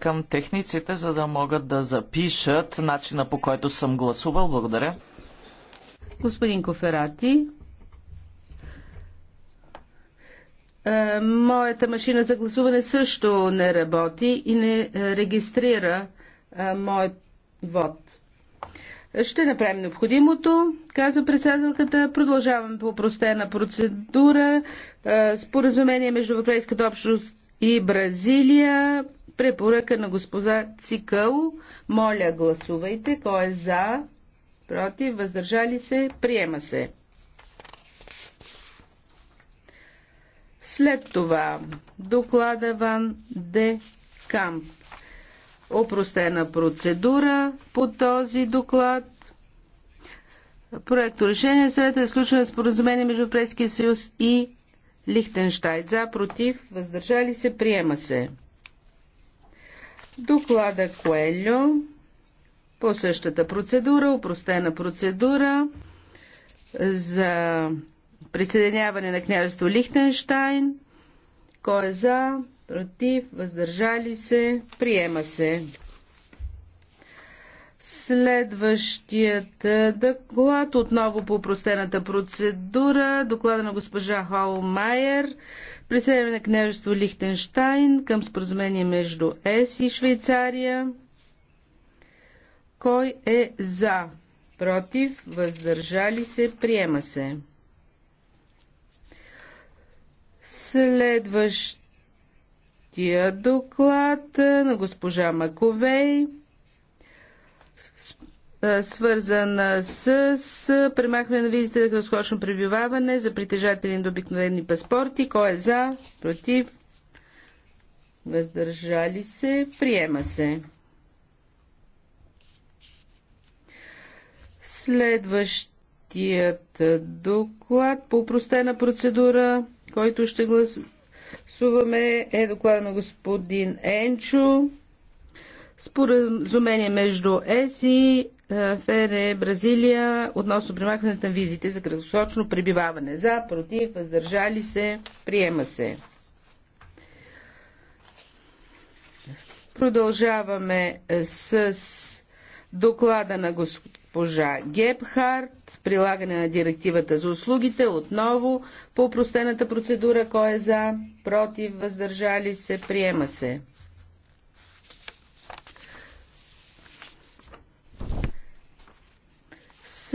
към техниците, за да могат да запишат начина по който съм гласувал. Благодаря. Господин Коферати, е, моята машина за гласуване също не работи и не регистрира е, моят вод. Ще направим необходимото, казва председателката. Продължаваме по простена процедура. Е, споразумение между Европейската общност и Бразилия. Препоръка на госпожа Цикъл. Моля, гласувайте. Кой е за? Против? Въздържали се? Приема се. След това доклада Ван Де Камп. Опростена процедура по този доклад. Проекто решение съвета е сключено споразумение между Преския съюз и Лихтенштайн. За, против, въздържали се, приема се. Доклада Коелю по същата процедура, упростена процедура за присъединяване на княжество Лихтенштайн. Кой е за? Против? Въздържали се? Приема се. Следващият е, доклад отново по простената процедура. Доклада на госпожа Холмайер. Присъединяване на княжество Лихтенштайн към споразумение между ЕС и Швейцария. Кой е за? Против? Въздържали се? Приема се. Следващия доклад е, на госпожа Маковей. Е, свързан с, с премахване на визите за краткосрочно пребиваване за притежатели на обикновени паспорти. Кой е за? Против? Въздържали се? Приема се. Следващият доклад по простена процедура, който ще гласуваме е доклада на господин Енчо споразумение между ЕС и е, ФР Бразилия относно примахването на визите за краткосрочно пребиваване. За, против, въздържали се, приема се. Продължаваме е, с доклада на госпожа Гебхарт, прилагане на директивата за услугите, отново по простената процедура, кой е за, против, въздържали се, приема се.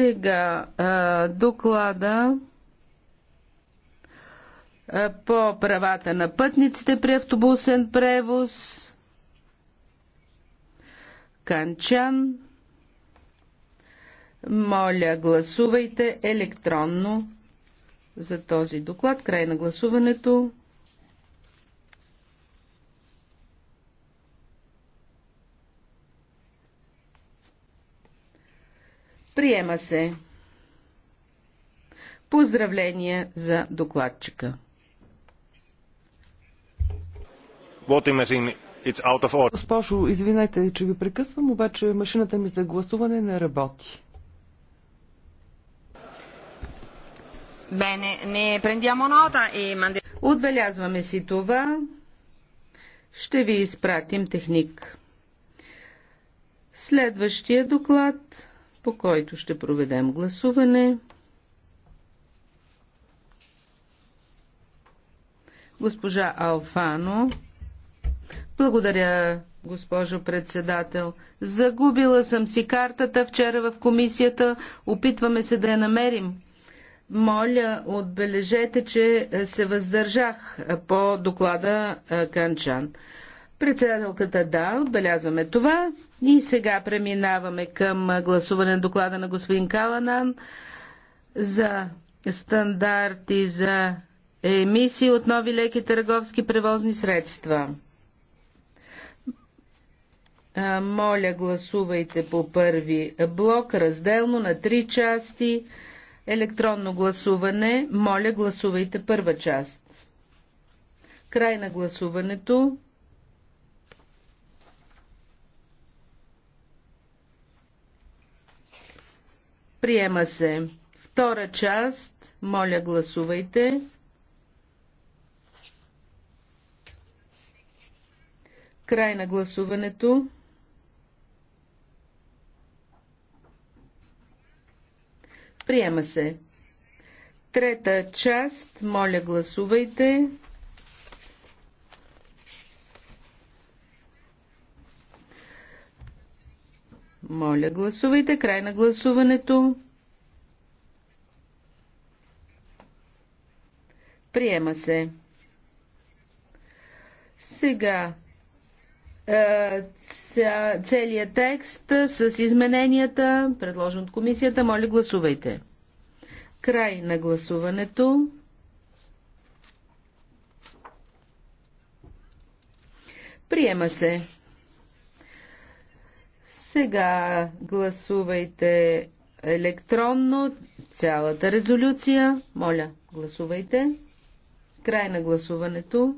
Сега доклада по правата на пътниците при автобусен превоз. Канчан. Моля, гласувайте електронно за този доклад. Край на гласуването. Приема се. Поздравления за докладчика. Госпожо, извинете, че ви прекъсвам, обаче машината ми за гласуване не работи. Bene, ne prendiamo nota e Отбелязваме си това. Ще ви изпратим техник. Следващия доклад по който ще проведем гласуване. Госпожа Алфано. Благодаря, госпожо председател. Загубила съм си картата вчера в комисията. Опитваме се да я намерим. Моля, отбележете, че се въздържах по доклада Канчан. Председателката да, отбелязваме това. И сега преминаваме към гласуване на доклада на господин Каланан за стандарти за емисии от нови леки търговски превозни средства. Моля, гласувайте по първи блок, разделно на три части. Електронно гласуване. Моля, гласувайте първа част. Край на гласуването. Приема се. Втора част. Моля, гласувайте. Край на гласуването. Приема се. Трета част. Моля, гласувайте. Моля, гласувайте. Край на гласуването. Приема се. Сега е, целият текст с измененията, предложен от комисията. Моля, гласувайте. Край на гласуването. Приема се. Сега гласувайте електронно цялата резолюция. Моля, гласувайте. Край на гласуването.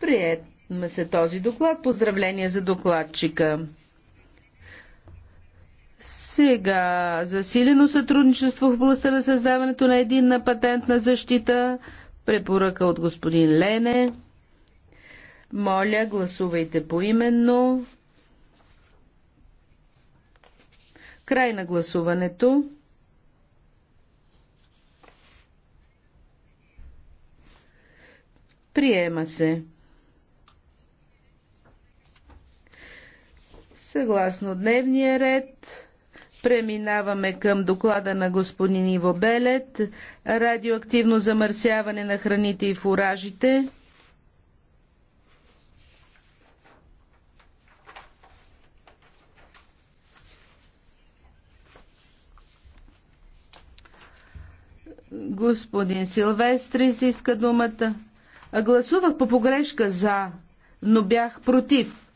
Приема се този доклад. Поздравление за докладчика. Сега, засилено сътрудничество в областта на създаването на единна патентна защита Препоръка от господин Лене. Моля, гласувайте поименно. Край на гласуването. Приема се. Съгласно дневния ред, Преминаваме към доклада на господин Иво Белет. Радиоактивно замърсяване на храните и фуражите. Господин Силвестрис иска думата. А гласувах по погрешка за, но бях против.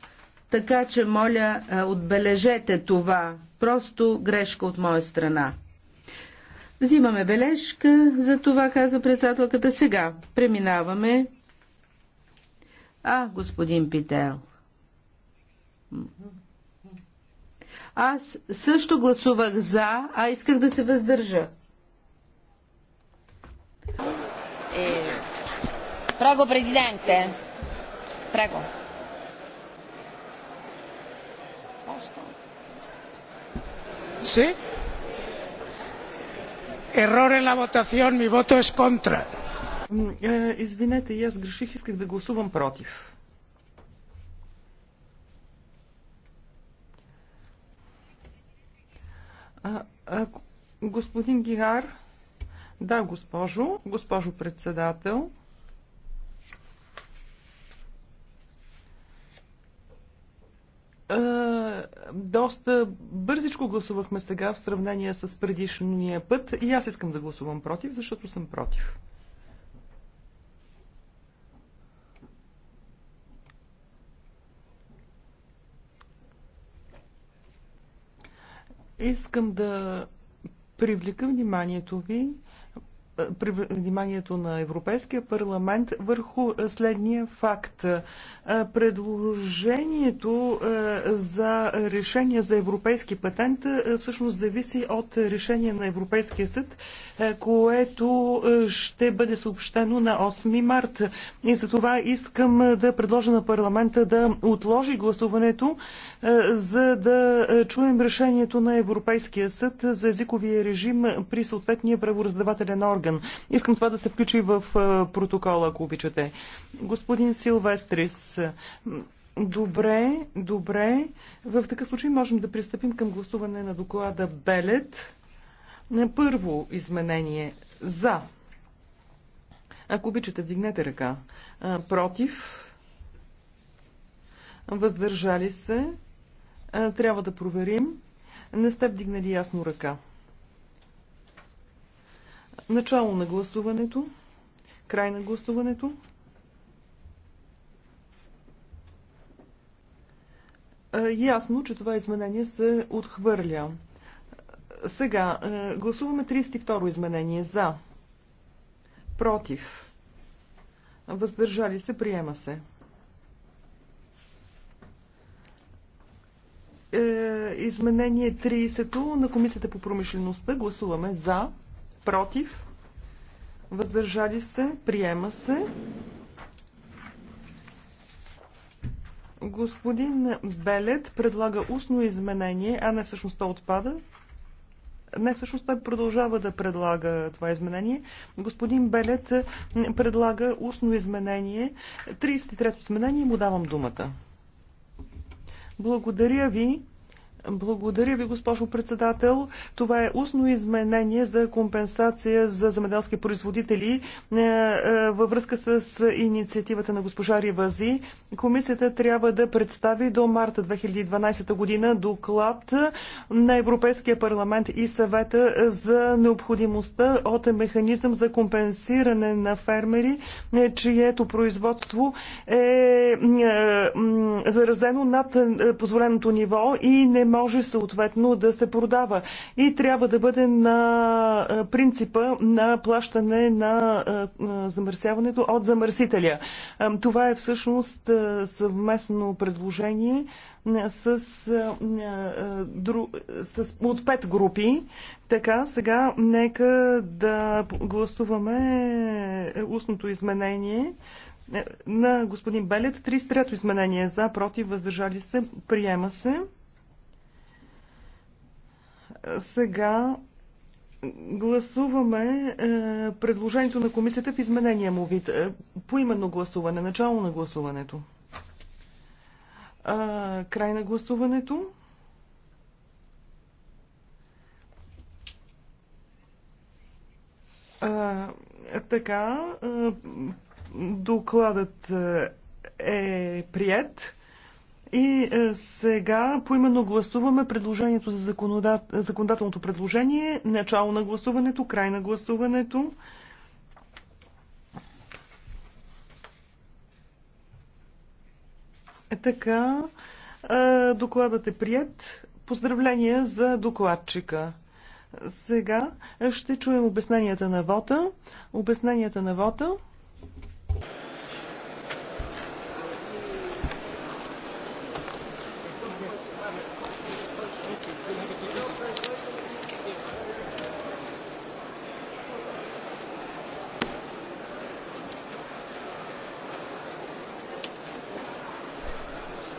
Така че, моля, отбележете това. Просто грешка от моя страна. Взимаме бележка, за това казва председателката. Сега преминаваме. А, господин Пител. Аз също гласувах за, а исках да се въздържа. Е, Прего, президенте. Прего. Error en la votación, mi voto es contra. Е, извинете, и аз греших, исках да гласувам против. А, а, господин Гигар, да, госпожо, госпожо председател, доста бързичко гласувахме сега в сравнение с предишния път и аз искам да гласувам против, защото съм против. Искам да привлека вниманието ви, при вниманието на Европейския парламент върху следния факт. Предложението за решение за европейски патент всъщност зависи от решение на Европейския съд, което ще бъде съобщено на 8 март. И за това искам да предложа на парламента да отложи гласуването, за да чуем решението на Европейския съд за езиковия режим при съответния правораздавателен орган орган. Искам това да се включи в протокола, ако обичате. Господин Силвестрис, добре, добре. В такъв случай можем да пристъпим към гласуване на доклада Белет. На първо изменение за. Ако обичате, вдигнете ръка. Против. Въздържали се. Трябва да проверим. Не сте вдигнали ясно ръка. Начало на гласуването. Край на гласуването. Ясно, че това изменение се отхвърля. Сега гласуваме 32 ро изменение за. Против. Въздържали се, приема се. Е, изменение 30 на Комисията по промишлеността гласуваме за против, въздържали се, приема се. Господин Белет предлага устно изменение, а не всъщност то отпада. Не, всъщност той продължава да предлага това изменение. Господин Белет предлага устно изменение. 33-то изменение му давам думата. Благодаря ви. Благодаря ви, госпожо председател. Това е устно изменение за компенсация за земеделски производители е, е, във връзка с инициативата на госпожа Ривази. Комисията трябва да представи до марта 2012 година доклад на Европейския парламент и съвета за необходимостта от механизъм за компенсиране на фермери, е, чието производство е заразено над позволеното ниво и не може може съответно да се продава и трябва да бъде на принципа на плащане на замърсяването от замърсителя. Това е всъщност съвместно предложение с, с, от пет групи. Така, сега нека да гласуваме устното изменение на господин Белет. 33-то изменение за, против, въздържали се, приема се. Сега гласуваме е, предложението на комисията в изменения му вид. Е, поименно гласуване, начало на гласуването. Край на гласуването. А, така, е, докладът е прият. И е, сега поименно гласуваме предложението за законодат... законодателното предложение, начало на гласуването, край на гласуването. Е, така, е, докладът е прият. Поздравления за докладчика. Сега ще чуем обясненията на вота. Обясненията на вота.